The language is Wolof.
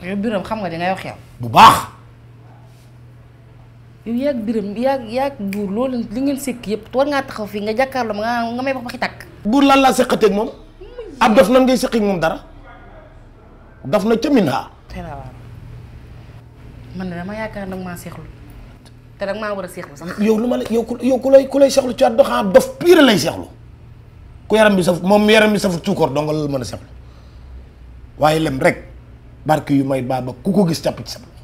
yow biram xam nga li ngay wax yow. bu baax. yow yaag biram yaag yaag buur loolu li ngeen sekk yëpp war ngaa taxaw fii nga jàkkaarloo ma nga may wax waxi takk buur lan laa seqatee ak moom. ab daf nan ngay seq moom dara. daf na ca Minna. teel a waaw man de dama yaakaar nag maa seexlu te nag maa war a seexlu sax. yow lu ma la yow ku yow ku lay ku lay seexlu ci àdduna xanaa dof pire lay seexlu ku yaram bi saf moom yaram bi safut suukar dong la mën a seexlu waaye lem rek. barke yu may baaba ku ko gis jàpp ci sa bopp